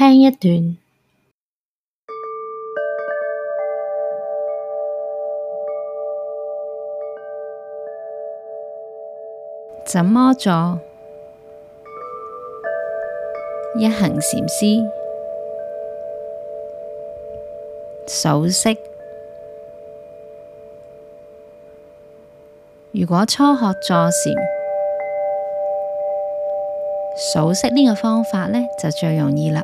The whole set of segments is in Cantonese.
聽一段，怎麼做一行禪師數息。如果初學坐禪，數息呢個方法呢，就最容易啦。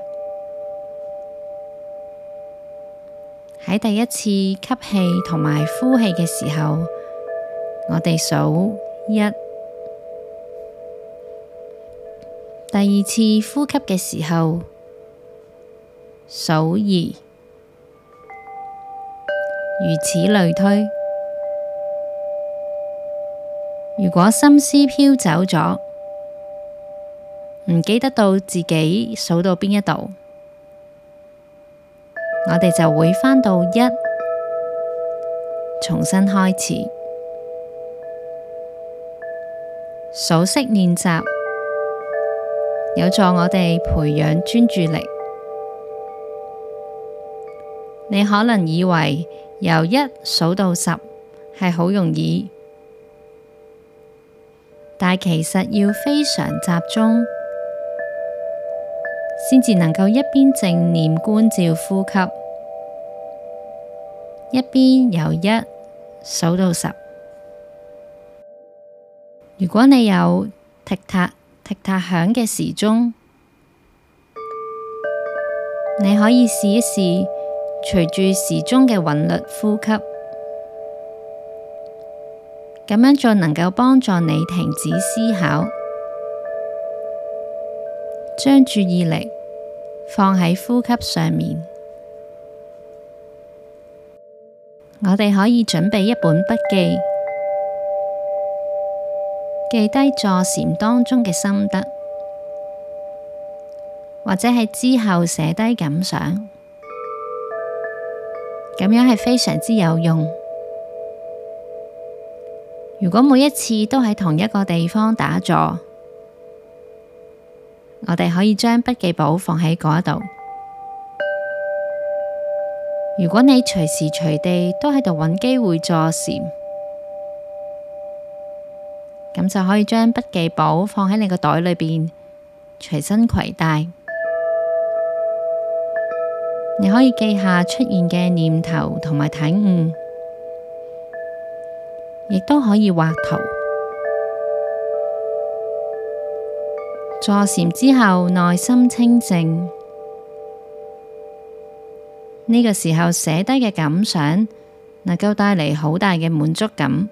喺第一次吸氣同埋呼氣嘅時候，我哋數一；第二次呼吸嘅時候，數二；如此類推。如果心思飄走咗，唔記得到自己數到邊一度。我哋就會翻到一，重新開始數息練習，有助我哋培養專注力。你可能以為由一數到十係好容易，但其實要非常集中，先至能夠一邊靜念觀照呼吸。一邊由一數到十。如果你有踢踏踢踏響嘅時鐘，你可以試一試隨住時鐘嘅韻律呼吸，咁樣再能夠幫助你停止思考，將注意力放喺呼吸上面。我哋可以準備一本筆記，記低坐禪當中嘅心得，或者係之後寫低感想，咁樣係非常之有用。如果每一次都喺同一個地方打坐，我哋可以將筆記簿放喺嗰度。如果你隨時隨地都喺度揾機會坐禪，咁就可以將筆記簿放喺你個袋裏邊，隨身攜帶。你可以記下出現嘅念頭同埋體悟，亦都可以畫圖。坐禪之後，內心清靜。呢個時候寫低嘅感想，能夠帶嚟好大嘅滿足感。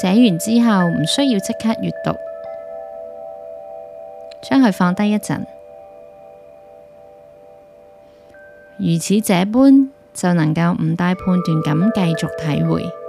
寫完之後唔需要即刻閱讀，將佢放低一陣，如此這般就能夠唔帶判斷咁繼續體會。